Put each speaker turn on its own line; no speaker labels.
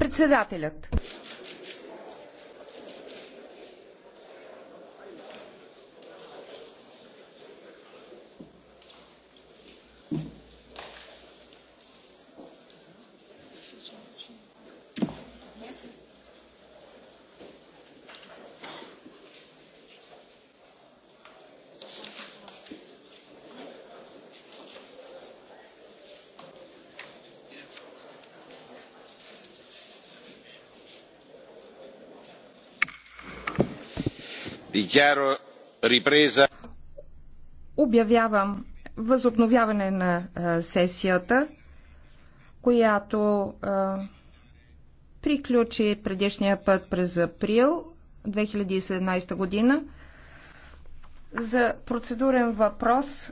Председателят
Обявявам възобновяване на сесията, която приключи предишния път през април 2017 година. За процедурен въпрос